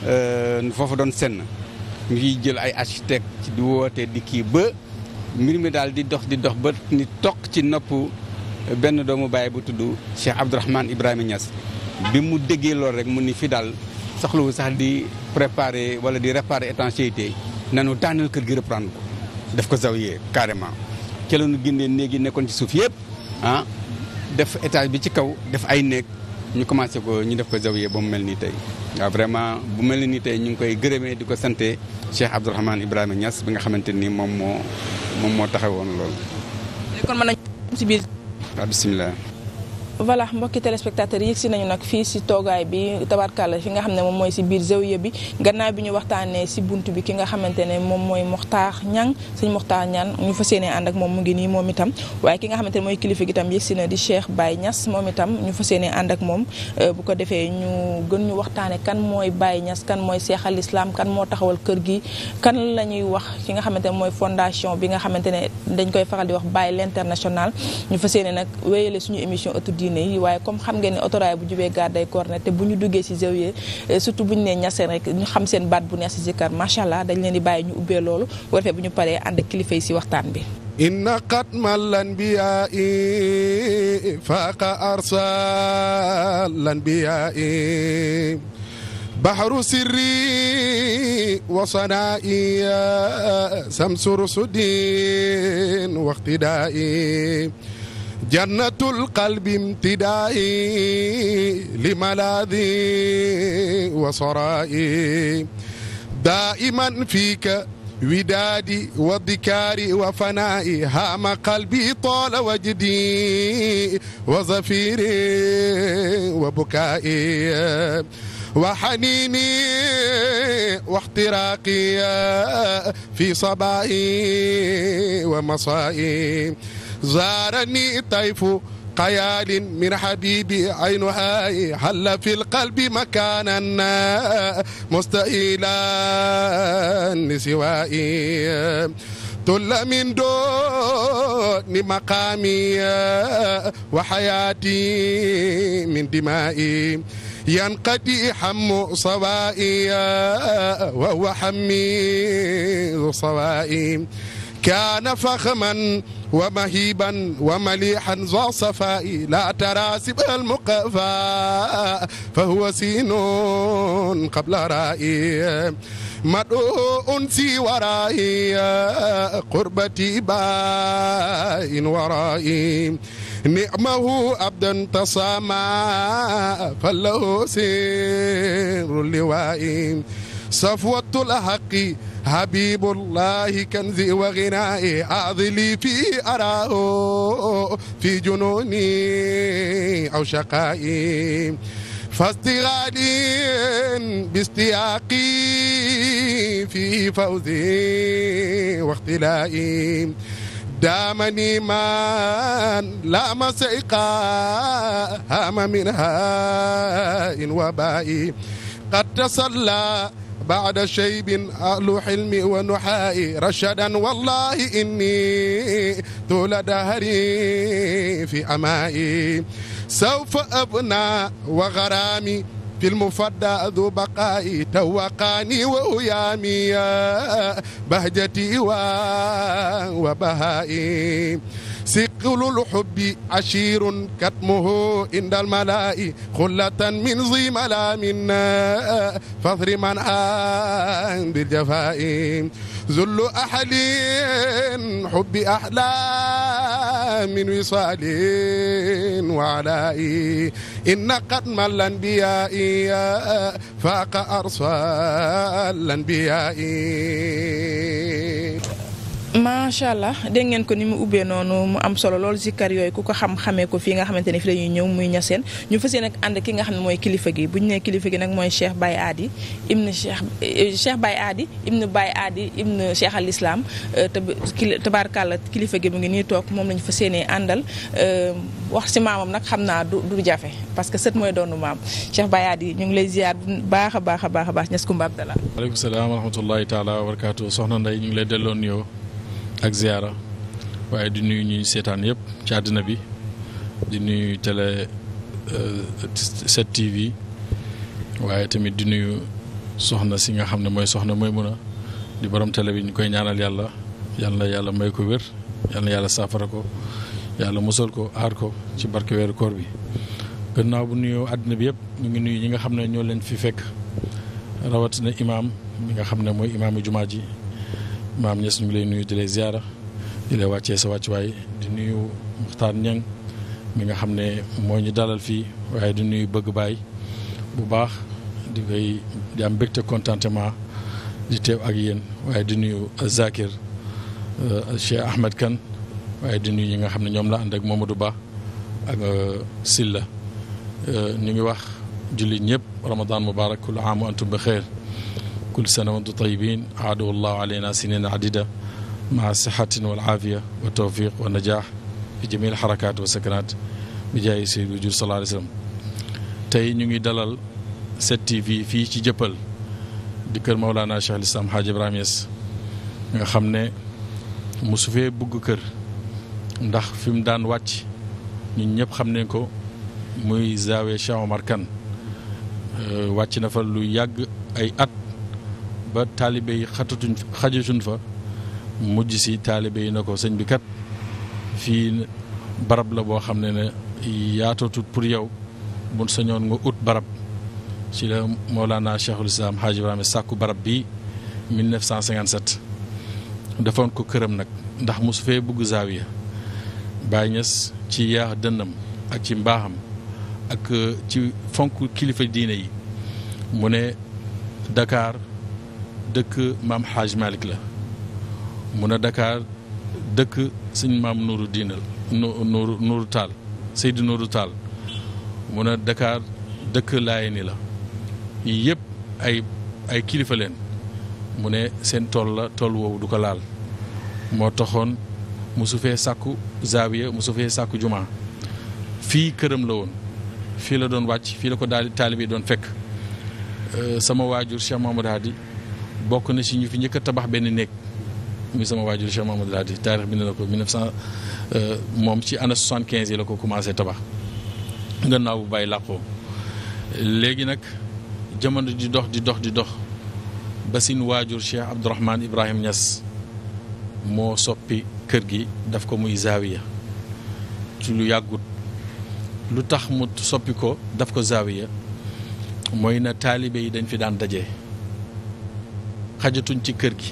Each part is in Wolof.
Euh, foofa doon senn ñuy jël ay architecte di woote di kii ba mbir mi daal di dox di dox ba ni toq ci nopp benn doomu baay bu tudd Cheikh Abdourahmane Ibrahima Niass bi mu déggee loolu rek mu ni fi daal soxlawu sax di préparer wala di réparer étanchéité nanu daaneel kër gi reprendre ko def ko zawiyee carrément ci la ñu génnee néeg nekkoon ci suuf yëpp ah def étage bi ci kaw def ay néeg ñu commencé ko ñu def ko zawiya ba mu mel nii tey waaw vraiment bu mel nii tey ñu ngi koy gërëmee di ko sante Cheikh Abdourahmane Ibrahima Niass bi nga xamante ni moom moo moom moo woon loolu. kon mën nañu si biir. bisimilah. voilà mbokki téléspectateurs yëg si nañu nag fii si toogaay bi tabarkàlla fi nga xam ne moom mooy si biir zawiya bi gannaaw bi ñu si bunt bi ki nga xamante ne moom mooy Mokhtar Niang sëñ Mokhtar Niang ñu fa yéene ànd ak moom mu ngi nii moom itam waaye ki nga xamante ne mooy kilifa gi itam yëg si na di Cheikh Baye Niass moom itam ñu fas yéene ànd moom euh, bu ko defee ñu gën ñu waxtaane kan mooy Baye ñas kan mooy Cheikh al Islam kan moo taxawal kër gi kan la ñuy wax ki nga xamante ne mooy fondation bi nga xamante ne dañ koy faral di wax Baye l'international ñu fas yéene nag wéyale suñu émission Ëttu diine yi waaye comme xam ngeen ne autorail bu jubee gare day cornet te bu ñu duggee ci zawiya eh, surtout bu ñu nee ñaseen rek ñu xam seen baat bu neex ci zikkar macha allah dañ leen di bàyyi ñu ubbee loolu bu defee bu ñu paree ànd ak kilifa yi ci waxtaan bi inna xatmal anbiyaai faaqa arsal anbiyaai bahru sirri wa sanaa'i samsu rusudin waqtidaai جنة القلب امتدائي لملاذي وصرائي دائما فيك ودادي وذكاري وفنائي هام قلبي طال وجدي وزفيري وبكائي وحنيني واحتراقي في صبائي ومصائي زارني طيف خيال من حبيبي عينها حل في القلب مكانا مستحيلا لسوائي طل من دون مقامي وحياتي من دمائي ينقضي حم صوائي وهو حمي صوائي كان فخما ومهيبا ومليحا ذا صفاء لا تراسب المقفى فهو سين قبل رائي مدعو سي ورائي قربتي باين ورائي نعمه عبدا تصامى فله سير اللوائي صفوة الأحق حبيب الله كنزي وغنائي أعضلي في أراه في جنوني أو شقائي فاستغال باستياقي في فوزي واختلائي دامني من لام سيقا هام منها إن وبائي قد تصلى بعد شيب أهل حلم ونحاء رشدا والله إني طول دهري في أمائي سوف أبنى وغرامي في المفدى ذو بقائي توقاني وأيامي بهجتي وبهائي ذل الحب عشير كتمه عند الملاء خلة من ذي ملامنا فاثر من آن بالجفاء ذل أحل حب أحلى من وصال وعلاء إن قد مل الأنبياء فاق أرسال الأنبياء macha allah dégg ngeen ko ni mu ubbee noonu mu am solo lool zikkar yooyu ku ko xam-xamee ko fii nga xamante ne fi dañuy ñëw muy ñaseen ñu fas yéene nag ànd ki nga xam ne mooy kilifa gi bu ñu nee kilifa gi nag mooy Cheikh Baye Adi ibnu Cheikh eh, Cheikh Baye Adi ibnu Baye Adi ibnu Cheikh al Islam eh, tabaarkàlla kilifa gi mu ngi nii toog moom lañu fas yéene àndal eh, wax si maamam nag xam naa du du jafe parce que sët mooy doonu maam Cheikh Baye Adi ñu ngi lay ziar baax a baax a baax a baax ñas Kumba Abdallah. waaleykum salaam wa rahmatullahi taala ñu ngi lay delloon yow ak ziyaara waaye di nuyu ñuy seetaan yëpp ci àddina bi di nuyu télé 7TV euh, waaye tamit di nuyu soxna si nga xam ne mooy soxna mooy mun a di borom télé bi ñu koy ñaanal yàlla yàlla yàlla may ko wér yàlla yàlla saafara ko yàlla musal ko aar ko ci barke weeru koor bi gannaaw bu nuyoo àddina bi yëpp ñu ngi nuyu ñi nga xam ne ñoo leen fi fekk rawatina imaam mi nga xam ne mooy imaamu jumaa ji maam ñes ñu ngi lay nuyu di lay ziara di lay wàccee sa wàccuwaay di nuyu Muxtaar ñaŋ mi nga xam ne moo ñu dalal fii waaye di nuyu bëgg baay bu baax di koy di am mbégte contentement di teew ak yéen waaye di nuyu Zakir euh, Cheikh Ahmed Kane waaye di nuyu ñi nga xam ne ñoom la ànd ak du Ba ak euh, Silla euh, ñu ngi wax jullit ñëpp ramadan mubarak kul aamu antum bi xeyr كل سنة وأنتم طيبين عاده الله علينا سنين عديدة مع الصحة والعافية والتوفيق والنجاح في جميع الحركات والسكنات بجاي سيد وجود صلى الله عليه وسلم tey ñu ngi dalal 7TV fii ci Jëppal di kër Maulana Cheikh al Islam Hadj Ibrahima Niass nga xam ne mosu fee bugg kër ndax fi mu daan wàcc ñun ñëpp xam ne ko muy zaawee Cheikh Omar Kane wàcc na fa lu yàgg ay at ba taalibe yi xatatuñ fa mujj si taalibe yi na ko sëñ bi kat fii barab la boo xam ne ne yaatootut pour yow mun sañoon nga ut barab ci la Mawlana Cheikhul Islam Hadj Ibrahima sàkku barab bii 1957 defoon ko këram nag ndax mosu fee bugg zaawiya Baay Ñas ci yaax dënnam ak ci mbaaxam ak ci fonk kilifa diine yi mu ne Dakar dëkk maam xaaj malik la mu a dakaar dëkk sëñ maam Nourou Diinal Nourou Nourou Tall Seydou Nourou Tall mu ne Dakar dëkk Laayeen la yii yëpp ay ay kilifa leen mu ne seen tool la tool woowu du ko laal moo taxoon mosu fee sàkku zaawiya mosu fee sàkku jumaa fii këram la woon fii la doon wàcc fii la ko daal taalibe doon fekk euh, sama waajur Cheikh Mamadou bokk na si ñu fi njëkk a tabax benn néeg muy sama waajur Cheikh Mamadou Hadi taarix bi ne na ko 1900 euh, moom ci année 75 yi la ko commencé tabax gannaaw bu bàyyi làqoo léegi nag jamono di dox di dox di dox ba siñ waajur Cheikh Abdourahmane Ibrahim ñas moo soppi kër gi daf ko muy zaawiya ci lu yàggut lu tax mu soppi ko daf ko zaawiya mooy na taalibe yi dañ fi daan daje. xajatuñ ci kër gi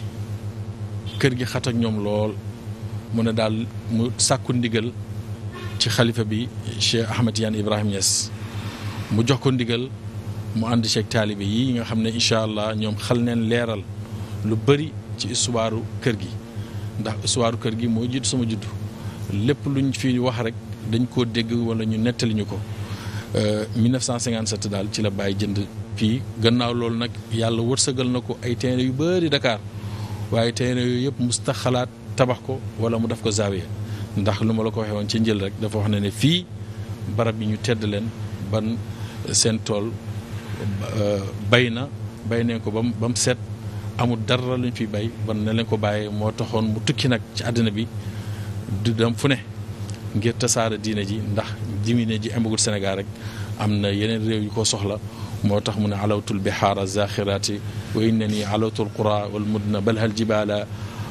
kër gi xat ak ñoom lool mu ne daal mu sàkku ndigal ci xalifa bi Cheikh Ahmed Tidiane Ibrahima Niass mu jox ko ndigal mu ànd ceeg taalibe yi nga xam ne incha allah ñoom xal neen leeral lu bëri ci histoire kër gi ndax histoire kër gi moo jiitu sama juddu lépp luñ fi wax rek dañ ko dégg wala ñu nettali ñu ko 1957 euh, daal ci la bàyyi jënd. fii gannaaw loolu nag yàlla wërsëgal na ko ay terrain yu bari dakaar waaye terrain yooyu yëpp mus tax xalaat tabax ko wala mu def ko zaawiya ndax lu ma la ko waxee woon ci njël rek dafa wax na ne fii barab yi ñu tedd leen ban eh, seen tool eh, bay na bay nañ ko bam mu set amul dara luñ fi bay ban na leen ko bàyyee moo taxoon mu tukki nag ci àddina bi du dem fu ne ngir tasaara diine ji ndax jimine ji amagul senegal rek am na yeneen réew yu ko soxla moo tax mu ne alawtul bihaara zaxiraati wa innani alawtul qura wal mudna bal hal jibaala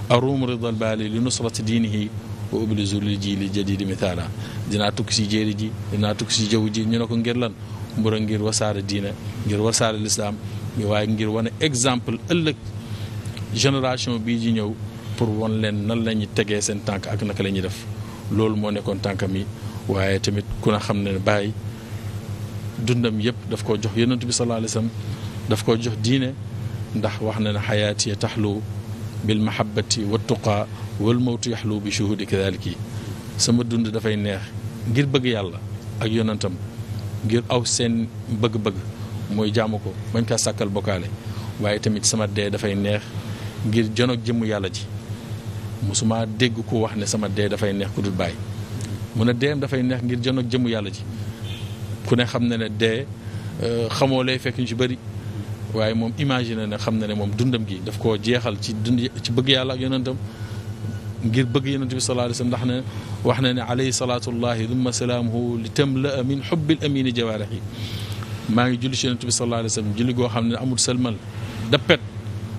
aruum ridal baali li nusrati diinihi wa ublizu lil jiili jadidi mithaala dinaa tukki si jéeri ji dinaa tukki si jaww ji ñu ne ko ngir lan mbur a ngir wasaare diine ngir wasaare lislaam waaye ngir wane exemple ëllëg génération bii ji ñëw pour wan leen nan la ñuy tegee seen tànk ak naka la ñuy def loolu moo nekkoon tànkam yi waaye tamit ku xam ne bàyyi dundam yëpp daf koo jox yonent bi sallallahu alayhi wasallam daf koo jox diine ndax wax na na xayaati taxlu bil mahabbati wa tuqaa wal mawtu yaxlu bi shuhudi kadaliki sama dund dafay neex ngir bëgg yàlla ak yonentam ngir aw seen bëgg mooy jaamu ko bañ kaa sàkkal bokkaale waaye tamit sama dee dafay neex ngir jonog jëmm yàlla ji musuma dégg ku wax ne sama dee dafay neex ku dul bàyyi mu ne deem dafay neex ngir jonog jëmm yàlla ji ku ne xam na ne dee euh, xamoo lay fekk ñu ci bëri waaye moom imagine na xam na ne moom dundam gi daf koo jeexal ci dund ci bëgg yàlla ak yonentam ngir bëgg yonent bi sallallahu alayhi ndax ne wax na ne alayhi salaatullahi dumma salaamuhu li tamla min xubbil amini jawaarix yi maa ngi julli ci yonent bi sallallahu alayhi julli goo xam ne amul sëlmal dappet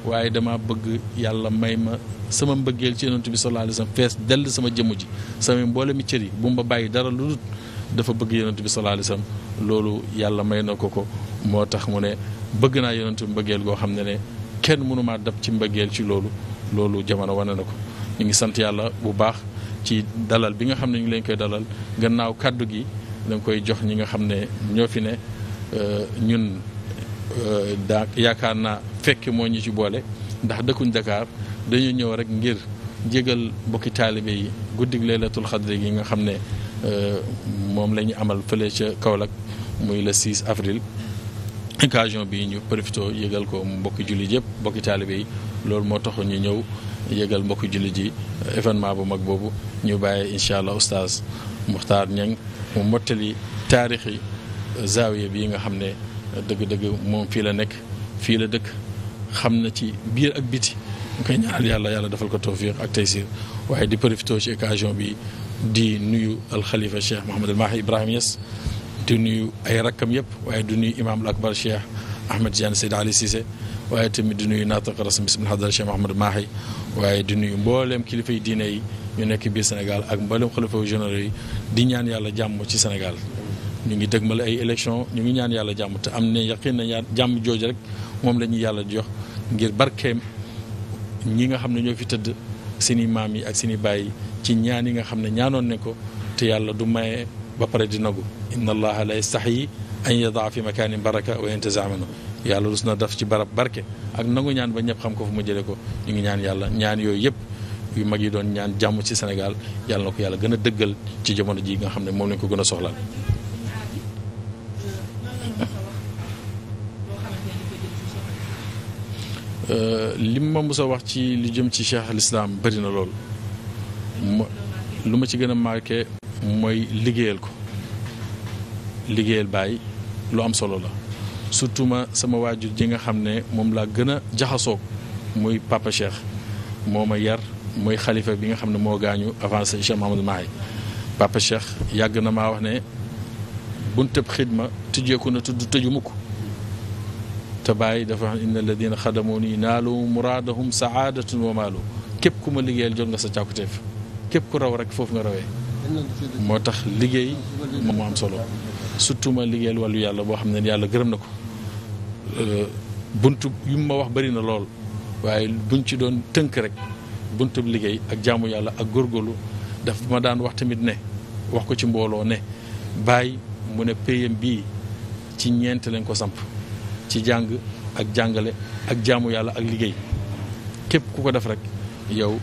waaye dama bëgg yàlla may ma sama mbëggeel ci yonent bi sallallahu alayhi wa fees dell sama jëmm ji sama mboole mi cër yi bu bàyyi dara lu dul dafa bëgg yonent bi sallallahu alayhi loolu yàlla may na ko ko moo tax mu ne bëgg naa yonent bi mbëggeel goo xam ne ne kenn mënumaa dab ci mbëggeel ci loolu loolu jamono wane na ko ñu ngi sant yàlla bu baax ci dalal bi nga xam ne ñu ngi leen koy dalal gannaaw kàddu gi dañ koy jox ñi nga xam ne ñoo fi ne euh, ñun euh, daa yaakaar naa fekk moo ñu ci boole ndax dëkkuñ Dakar dañu ñëw rek ngir jégal bokki taalibe yi guddig laylatul xadri gi nga xam ne Euh, moom la ñu amal fële ca Kaolack muy le 6 avril occasion bi ñu profité yëgal ko mbokki jullit yëpp mbokki taalibe yi loolu moo tax ñu ñëw yëgal mbokki jullit yi euh, événement bu mag boobu ñu bàyyee incha allah oustaz Muxtaar Ñang mu mottali taarixi euh, zaawiya bii nga xam ne dëgg-dëgg moom fii la nekk fii la dëkk xam na ci biir ak biti ñu koy ñaanal yàlla yàlla defal ko tawfiq ak taysiir waaye di profité ci occasion bi di nuyu alxalifa cheikh Mouhamadul Mahi Ibrahima Niass di nuyu ay rakkam yëpp waaye di nuyu imaam al akbar cheikh Ahmed Tidiane Seyd Ali Cissé waaye tamit di nuyu naataqa rasmi bismil hadara cheikh Mouhamadul Mahi waaye di nuyu mbooleem kilifa yi diine yi ñu nekk biir Sénégal ak mbooleem xalifa généraux yi di ñaan yàlla jàmm ci Sénégal. ñu ngi dëgmal ay élection ñu ngi ñaan yàlla jàmm te am ne yaqin na jàmm jooju rek moom la ñuy yàlla jox ngir barkeem ñi nga xam ne ñoo fi tëdd seen maam yi ak seen baay yi ci ñaan yi nga xam ne ñaanoon ne ko te yàlla du maye ba pare di nagu inna allaha la yastaxyi an yadaa fi makaanin baraka wa yantaza minhu yàlla rus na daf ci barab barke ak nangu ñaan ba ñëpp xam ko fu mu jëlee ko ñu ngi ñaan yàlla ñaan yooyu yëpp yu mag yi doon ñaan jàmm ci senegal yàlla na ko yàlla gën a dëggal ci jamono ji nga xam ne moom lañ ko gën a soxlaal euh, li ma mës wax ci li jëm ci cheikh al islam bëri na lool lu ma ci gën a marqué mooy liggéeyal ko liggéeyal Baye lu am solo la surtout ma sama waajur ji nga xam ne moom laa gën a jaxasoo muy papa Cheikh moo ma yar mooy xalifa bi nga xam ne moo gaañu avancé Cheikh Mahamadou Mahi papa Cheikh yàgg na maa wax ne buntëb xidma tëjeeku na tudd tëju mukk te Baye dafa wax inna alladina xadamoo nii naalu muraadahum saaadatun wa maalu képp ku ma liggéeyal jot nga sa càkkuteef képp ku raw rek foofu nga rawee moo tax liggéey moo am solo surtout ma liggéeyal wàllu yàlla boo xam ne yàlla gërëm na ko euh, bunt yu ma wax bëri na lool waaye buñ ci doon tënk rek buntub liggéey ak jaamu yàlla ak góorgóorlu daf ma daan wax tamit ne wax ko ci mbooloo ne bàyyi mu ne payam bii ci ñeent lañ ko samp ci jàng ak jàngale ak jaamu yàlla ak liggéey képp ku ko def rek yow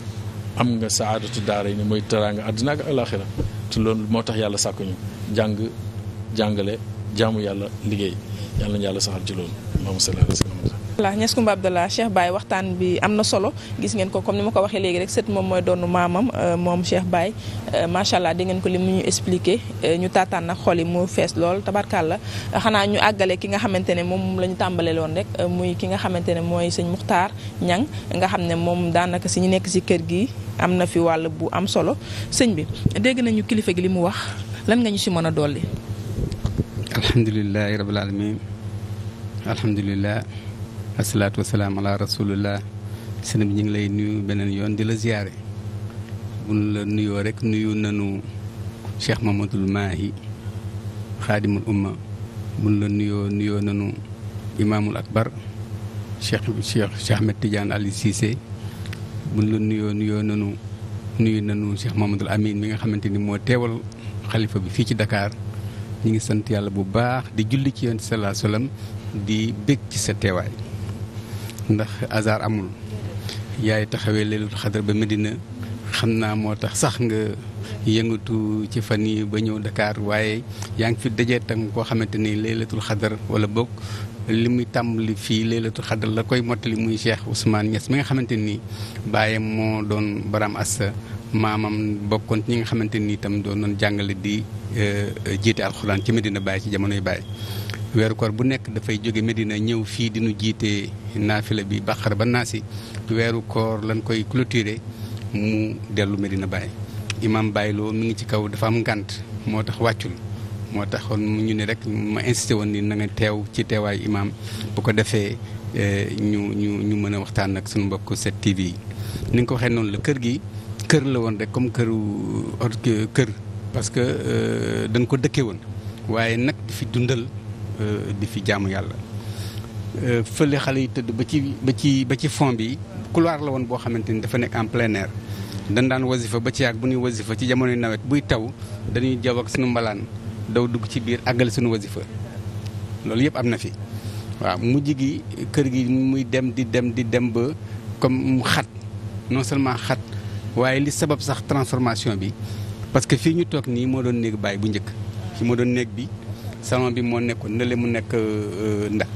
am nga saadatu daara yi ni mooy teraanga àddina ak alaaxira ci loolu moo tax yàlla sàkkuñu jàng jàngale jaamu yàlla liggéey yàlla na yàlla saxal ci loolu. la Niass Koumba Abdallah Cheikh waxtaan bi am na solo gis ngeen ko comme ni ma ko waxee léegi rek sët moom mooy doonu maamam euh, moom Cheikh baay euh, macha allah di ngeen ko li mu ñu expliqué euh, ñu taataan nag xol yi mu fees lool tabarkàlla xanaa ñu àggale ki nga xamante ne moom la ñu tàmbale loon rek muy ki nga xamante ne mooy sañ Muxtaar Ñang nga xam ne moom daanaka si ñu nekk si kër gi am na fi wàll bu am solo sëñ bi dégg nañu kilifa gi li mu wax lan nga ñu si mën a dolli. alhamdulilah rabil asalaatu wasalaam ala ñu ngi lay nuyu beneen yoon di la ziyaare bu ñu la nuyoo rek nuyu nanu Cheikh Mamadul Maahi xaadimul umma bu la nuyoo nuyoo nanu imaamul akbar Cheikh Cheikh Cheikh Ahmed Tidiane Ali Cissé bu ñu la nuyoo nuyoo nanu nuyu nanu Cheikh Mamadul Amin mi nga xamante ni moo teewal xalifa bi fii ci dakaar ñu ngi sant yàlla bu baax di julli ci yoon salaa di bég ci sa teewaay ndax hasard amul yaay taxawee leelul xadar ba Medina xam naa moo tax sax nga yëngatu ci fan yi ba ñëw Dakar waaye yaa ngi fi dajee tam koo xamante ni laylatul xadar wala boog li muy tàmbali fii laylatul xadar la koy mottali muy Cheikh Ousmane Niass mi nga xamante ni baayam moo doon baram assa maamam bokkoon ñi nga xamante ni itam doon doon jàngale di euh, jiite alxuraan ci Medina bàyyi ci jamonoy Baye. weeru koor bu nekk dafay jóge Medina ñëw fii di nu jiite naafila bi Baqara ba Naasi weeru koor lañ koy clôturer mu dellu Medina Baye. imam bàyyiloo mu ngi ci kaw dafa am ngànt moo tax wàccul moo taxoon ñu ne rek ma insisté woon ni na nga teew ci teewaayu imam bu ko defee eh, ñu ñu ñu mën a waxtaan ak suñu mbokk 7TV yi. ni nga ko waxee noonu la kër gi kër la woon rek comme këru or kër parce que euh, danga ko dëkkee woon waaye nag di fi dundal. Euh, di fi jàmm yàlla euh, fële xale yi tëdd ba ci ba ci ba ci fond bi couloir la woon boo xamante ni dafa nekk en plein air dañ daan wasifa ba ci yàgg bu ñuy wasifa ci jamonoy nawet buy taw dañuy jaw ak suñu mbalaan daw dugg ci biir àggale suñu wasifa loolu yëpp am na fi waaw mujj gi kër gi muy dem di dem di dem ba comme xat non seulement xat waaye li sabab sax transformation bi parce que fii ñu toog nii moo doon néeg bàyyi bu njëkk fi moo doon néeg bi salon bi moo nekkoon ne le mu nekk euh, ndax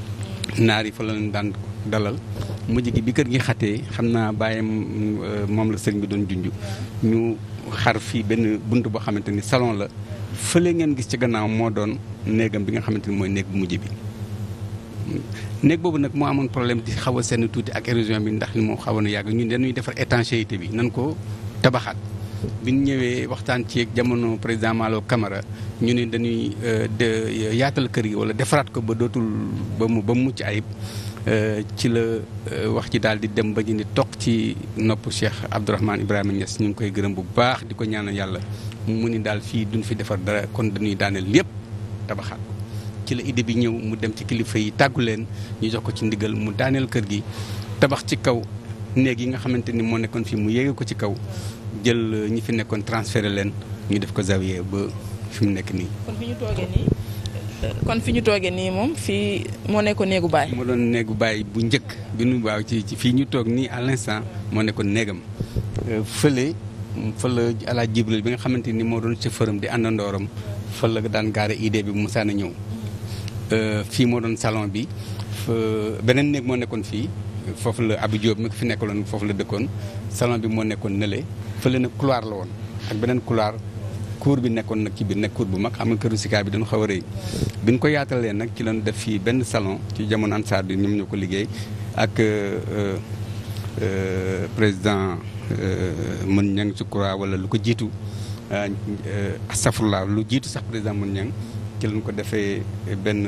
naar yi fa la leen daan dalal mujj gi bi kër gi xatee xam naa bàyyam euh, moom la sëriñ bi doon junj ñu xar fii benn bunt boo xamante ni salon la fële ngeen gis ci gannaaw moo doon néegam bi nga xamante ni mooy néeg mujj bi. néeg boobu nag moo amoon problème di xaw a seen tuuti ak érosion bi ndax moo xawoon a yàgg ñun dañuy defar étanchéité bi nan ko tabaxaat. bi ñëwee waxtaan ceeg jamono président Malo kamara ñu ni dañuy euh, de euh, yaatal kër gi wala defaraat ko ba dootul ba mu ba mu mucc ayib euh, ci la wax ji daal di dem ba ñu ni toog ci nopp Cheikh Abdourahmane Ibrahima Niass ñu ngi koy gërëm bu baax di ko ñaanal yàlla mu ni daal fii duñ fi defar dara kon dañuy daaneel lépp tabaxaat ko ci la idée bi ñëw mu dem ci kilifa yi tàggu leen ñu jox ko ci ndigal mu daaneel kër gi tabax ci kaw néeg yi nga xamante ni moo nekkoon fii mu yéege ko ci kaw jël ñi fi nekkoon transféré leen ñu def ko Zawiya ba fi mu nekk nii. kon fi ñu toogee nii moom fii moo nekkoon néegu baay. moo doon néegu baay bu njëkk bi nu waaw ci ci fii ñu toog nii à l'instant moo nekkoon néegam euh, fële. fa la ala jibril bi nga xamante ni moo doon chauffeur fëram di àndandooram fa la daan gaare idée bi mu saan a ñëw euh, fii moo doon salon bi beneen néeg moo nekkoon fii foofu la Abdou Diop mi ko fi nekkaloon foofu la dëkkoon salon bi moo nekkoon nële fële na couloir la woon ak beneen couloir cour bi nekkoon nag ci biir nekk cour bu mag xam nga kër sika bi dañu xaw a rëy bi ñu ko yaatalee nag ci lañ def fii benn salon ci jamono ansaar bi ñoom ñoo ko liggéey ak euh, euh, euh, président mën ñang su croix wala lu ko jiitu astafurlah lu jiitu sax président mën ñang ci lañ ko defee benn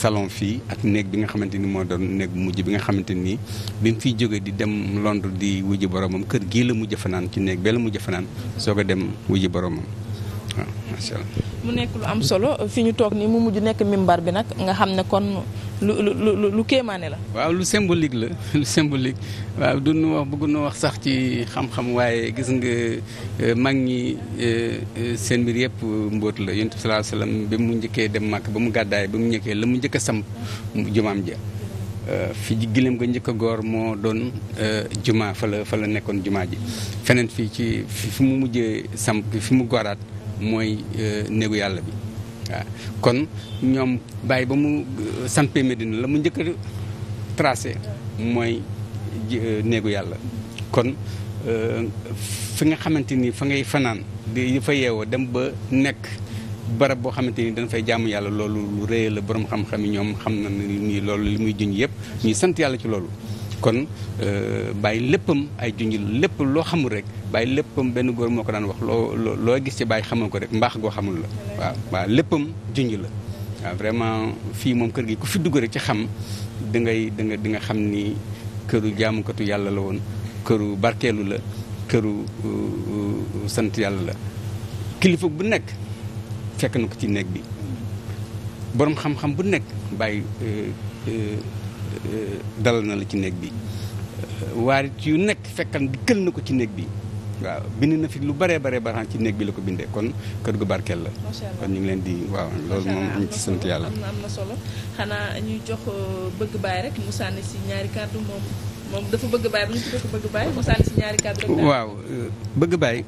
salon fii ak néeg bi nga xamante ni moo doon néeg mujj bi nga xamante ni bi mu fiy jógee di dem Londres di wujji boromam kër gii la mujj fanaan ci néeg bee la mujj fanaan soog a dem wujji boromam. macha mu nekk lu am solo fi ñu toog nii mu mujj nekk mimbar bi nag nga xam ne kon lu lu lu kéemaane la. waaw lu symbolique la lu symbolique waaw du nu wax bëgg nu wax sax ci xam-xam waaye gis nga euh, mag ñi euh, euh, seen mbir yëpp mbóot la yonent bi sallallahu bi mu njëkkee dem màkk ba mu gàddaay ba mu njëkkee la mu njëkk a samp jumaam ja fi gileem ga njëkk a goor moo doon juma fa la fa la nekkoon juma ji feneen fii ci fi mu mujjee samp fi mu goraat. mooy euh, néegu yàlla bi waaw kon ñoom bàyyi ba mu euh, sampee Medina la mu njëkk a tracé mooy euh, néegu yàlla kon fi nga xamante ni fa ngay fanaan di fa yeewoo dem ba nekk barab boo xamante ni dana fay jaamu yàlla loolu lu rëy la borom xam-xam yi ñoom xam na ni loolu li muy junj yëpp ñuy sant yàlla ci loolu kon euh, bàyyi léppam ay junju la lépp loo xamul rek bàyyi léppam benn góor moo ko daan wax loo loo gis ci bàyyi xamal ko rek mbaax goo xamul la waaw waaw léppam junj la waaw vraiment fii moom kër gi ku fi dugg rek ci xam dangay danga di nga xam ni këru jaamukatu yàlla la woon këru barkeelu la këru sant yàlla la kilifa bu nekk fekk na ko ci néeg bi boroom xam-xam bu nekk bàyyi euh, euh, Euh, dalal na la ci néeg bi euh, waarit yu nekk fekkan bi kël na ko ci néeg bi waaw bind na fi lu baree baree baraan ci néeg bi la ko bindee kon kër gu barkeel la. kon ñu ngi leen di waaw loolu moom ñu ci sant yàlla. am na solo xanaa ñuy jox euh, bëgg baay rek mu sànni si ñaari kàddu moom waaw bëgg baay.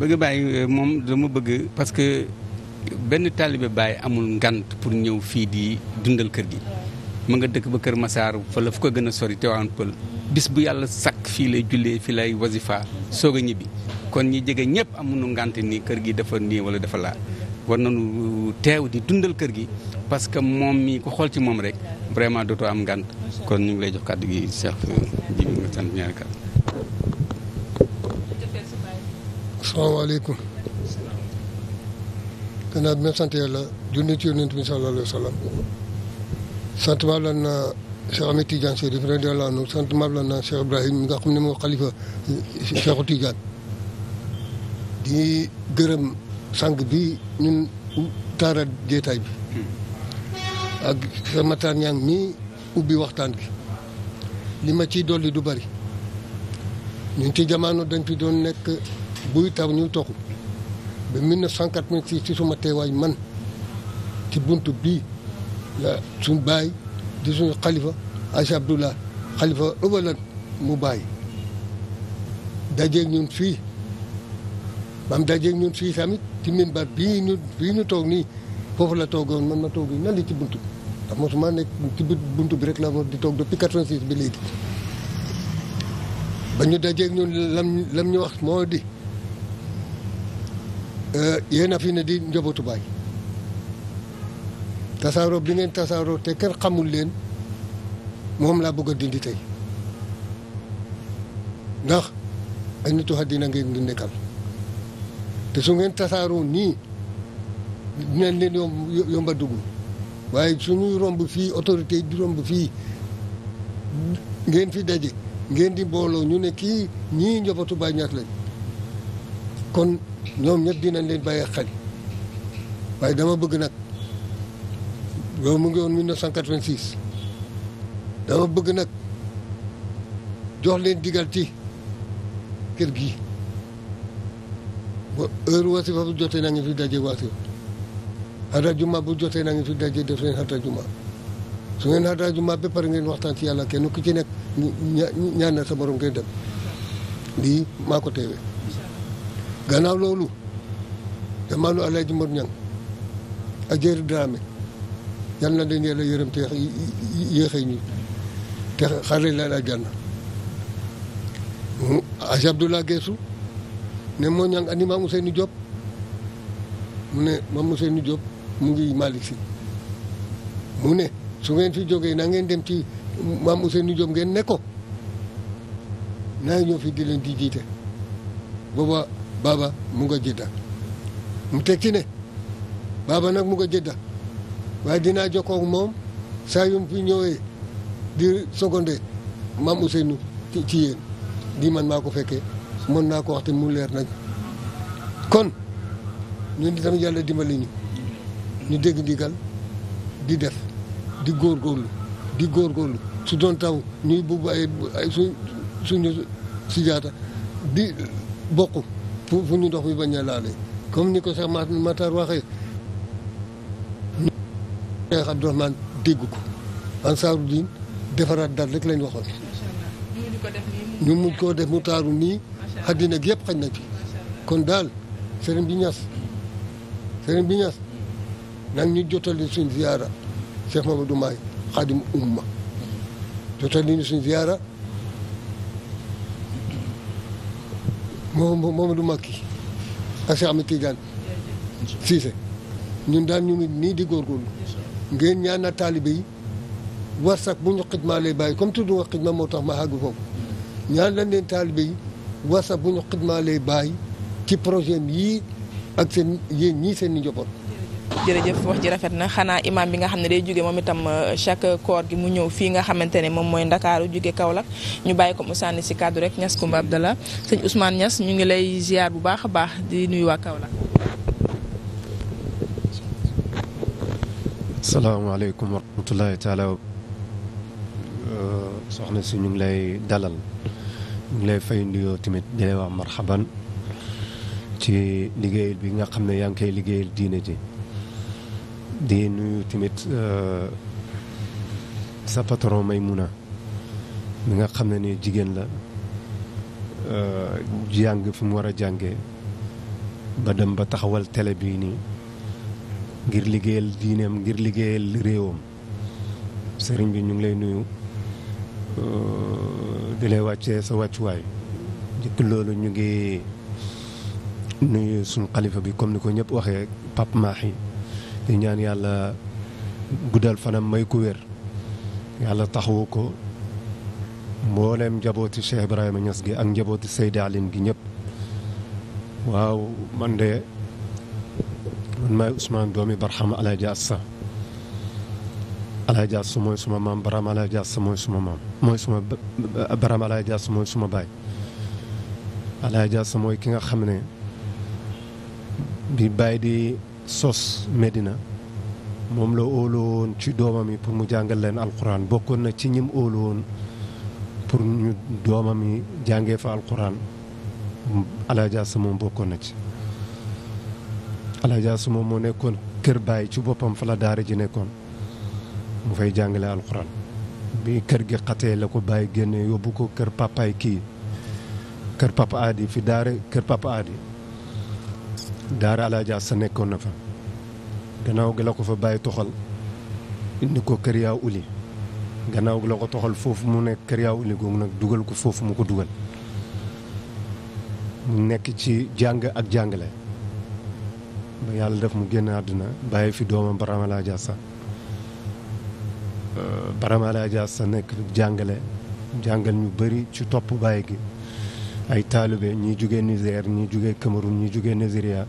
bëgg baay moom dama bëgg parce que benn taalibe baay amul ngant pour ñëw fii di dundal kër gi. ma nga dëkk ba Kër Masaar fële fu ko gën a sori Tiwaawan Pël bis bu yàlla sakk fii lay jullee fii lay wasifa soog a ñibbi kon ñi jege ñëpp amuñu ngante nii kër gi dafa nii wala dafa laa war nañu uh, teew di dundal kër gi parce que moom mi ko xool ci moom rek vraiment dootoo am ngant kon ñu ngi lay jox kàddu gi Cheikh uh, ji nga sant ñaari kàddu. asalaamaaleykum. gannaaw bi yàlla junni ci yonent bi sallallahu alayhi wa sallam sant Mawlana na shekh Tidiane Chérif radiyallahu anhu sant Mawlana Cheikh Ibrahim mi nga xam ne moo xalifa eh, Cheikhu Tidiane di gërëm sang bi ñun taara jeetaay bi ak sama taan ñaa ngi ubbi waxtaan bi li ma ciy dolli du bari ñun ci jamono dañ ci doon nekk buy taw ñuy toxu ba 1986 ci suma teewaay man ci bunt bi suñu baay di suñu xalifa Aji Abdullah xalifa ëbalan mu baay dajeeg ñun fii bam dajeeg ñun fii tamit ci minbar bii ñu bii ñu toog nii foofu la toogoon man ma toog nan ci buntu bi ndax mosuma nekk ci buntu bi rek la ma di toog depuis 86 bi léegi ba ñu dajeeg ñun lam ñu wax moo di euh, yéen a fi ne di njabootu baay tasaaroo bi ngeen tasaaroo te kenn xamul leen moom laa bëgg a dindi tey ndax ay nitu dina ngeen di nekkal te su ngeen tasaaroo nii dinañ leen yomba dugg waaye suñuy romb fii autorité yi di romb fii ngeen fi daje ngeen di mbooloo ñu ne kii ñii njabootu Baay Ñas lañ kon ñoom ñëpp dinañ leen bàyyi xel waaye dama bëgg nag loolu mu ngi woon 1986 dama bëgg nag jox leen digal ci kër gi ba heure wasifa bu jotee na ngi fi daje wasifa xataa juma bu jotee na ngi fi daje def leen xataa juma su ngeen xataa juma ba pare ngeen waxtaan ci yàlla kenn ku ci nekk ñaan na sa borom ngeen dem lii maa ko teewee gannaaw loolu dama lu Alaaji Mor Ñang ak Jéeri Dramé yal na leen yàlla yërëm te yéexee ñu te xaar leen laa jànn Aji Abdoulaye Geesu ne moo ñàng ani maam Ousseynou Diop mu ne maam Ousseynou Diop mu ngi Malick si mu ne su ngeen fi jógee na ngeen dem ci maam Ousseynou Diop ngeen ne ko naa ñoo fi di di jiite booba baaba mu nga jëdda mu teg ne baba nag mu nga jëdda waaye dinaa jokkoo ak moom saa yu mu fi ñëwee di secondé maam Ousseynou ci yéen di man maa ko fekkee mën naa ko wax te mu leer nañ kon ñu di tamit yàlla dimbali ñu ñu dégg ndigal di def di góorgóorlu di góor góorlu su doon taw ñuy bubb ay su suñu si jaata di bokk fu ñu ndox bi bañ a laalee comme ni ko sax Matar waxee Cheikh Abdourahmane dégg ko Ansaarudin defaraat daal rek lañ waxoon ñu mujj koo def mu taaru nii àddina gi yëpp xaj na ci kon daal sëriñ bi ñas sëriñ bi ñas nag li jotali suñ ziyaara Cheikh Mamadou Maay xaadim umma jotali ñu suñ ziyaara moom Mamadou Makki ak Cheikh Ahmed Tidiane Cissé ñun daal ñu ngi nii di góorgóorlu ngeen ñaanal taalibe yi warsak bu ñu xidmaa lay bàyyi comme tudd nga xidma moo tax ma àgg foofu ñaan lañ leen taalibe yi warsak bu ñu xidmaa lay bàyyi ci projet yii ak seen yéen ñii seen i njaboot. jërëjëf wax ji rafet na xanaa imaam bi nga xam ne day jóge moom itam euh, chaque koor gi mu ñëw fii nga xamante ne moom mooy ndakaaru jóge Kaolack ñu bàyyi ko mu sànni si kàddu rek Niass Koumba Abdallah sëñ Ousmane Niass ñu ngi lay ziar bu baax a baax di nuyu waa Kaolack. salaamaaleykum wa rahmatulahi taala euh, soxna si ñu lay dalal ñu lay fay nuyoo tamit di wax marxaban ci liggéeyal bi nga xam ne yaa ngi koy liggéeyal diine ji di nuyu tamit euh, sa patron Maymuna mi nga xam ne ni jigéen la euh, jàng fi mu war a jàngee ba dem ba taxawal télé bii nii ngir liggéeyal diineem ngir liggéeyal réewam sëriñ bi ñu ngi lay nuyu euh, di lay wàccee sa wàccuwaay jëkk loolu ñu ngi nuyu suñ xalifa bi comme ni ko ñëpp waxee Pape Mahi di ñaan yàlla guddal fanam may ku wér yàlla taxawu ko mbooleem njabooti Cheikh Ibrahima Niass gi ak njabooti Seydi Aline gi ñëpp waaw man de man maay Ousmane doomi Barxam Alaaji Assa Alaaji Assa mooy suma maam Baram suma maam mooy suma Baram Alaaji Assa mooy suma baay Alaaji Assa mooy ki nga xam ne bi baay di sos Medina moom la óolu ci doomam yi pour mu jàngal leen alquran bokkoon na ci ñim óolu woon pour ñu doomam yi jàngee fa alxuraan Alaaji Assa moom bokkoon na ci alhaja suma moo nekkoon kër bàyyi ci boppam fa la daara ji nekkoon mu fay jàngale alxuraan bi kër gi xatee la ko bàyyi génne yóbbu ko kër papaay kii kër papa fi daara kër papa daara alhaja sa nekkoon na fa gannaaw gi la ko fa bàyyi toxal indi ko kër yaa uli gannaaw gi la ko toxal foofu mu nekk kër yaa uli googu nag dugal ko foofu mu ko dugal mu nekk ci jàng ak jàngale ba yàlla def mu génn àdduna bàyyi fi doomam Baramala Diassa Baramala euh, Diassa nekk jàngale jàngal ñu bari ci topp baay gi ay taalibe ñii jugee Niger ñii jugee Cameroun ñii jugee Nigeria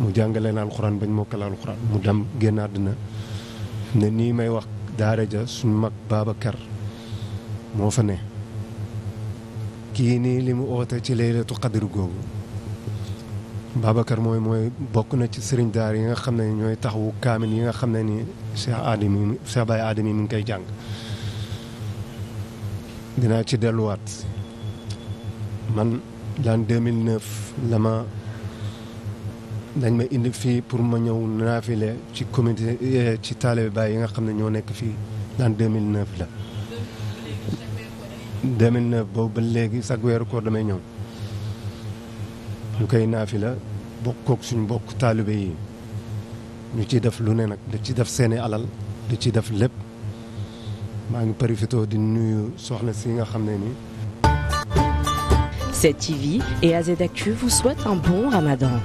mu jàngale na alxuraan bañ mokkal alxuraan mu dem génn àdduna ne nii may wax daara ja suñu mag Babacar moo fa ne kii nii li mu oote ci laylatu qadr googu Babacar mooy mooy bokk na ci sëriñ daar yi nga xam ne ñooy taxawu kaamil yi nga xam ne ni Cheikh Adami Cheikh Baye Adami mi ngi koy jàng dinaa ci delluwaat man l'an 2009 la ma dañ ma indi fii pour ma ñëw naafile ci comité eh, ci taalibe Baay yi nga xam ne ñoo nekk fii l'an 2009 la 2009 boobu ba léegi chaque weeru koor damay ñëw ñu koy naafila la kook suñu bokk taalibe yi ñu ciy def lu ne nag di ci def seeni alal di ci def lépp maa ngi profité di nuyu soxna si nga xam ne nii. Cette TV et AZACTU vous souhaitent un bon Ramadan.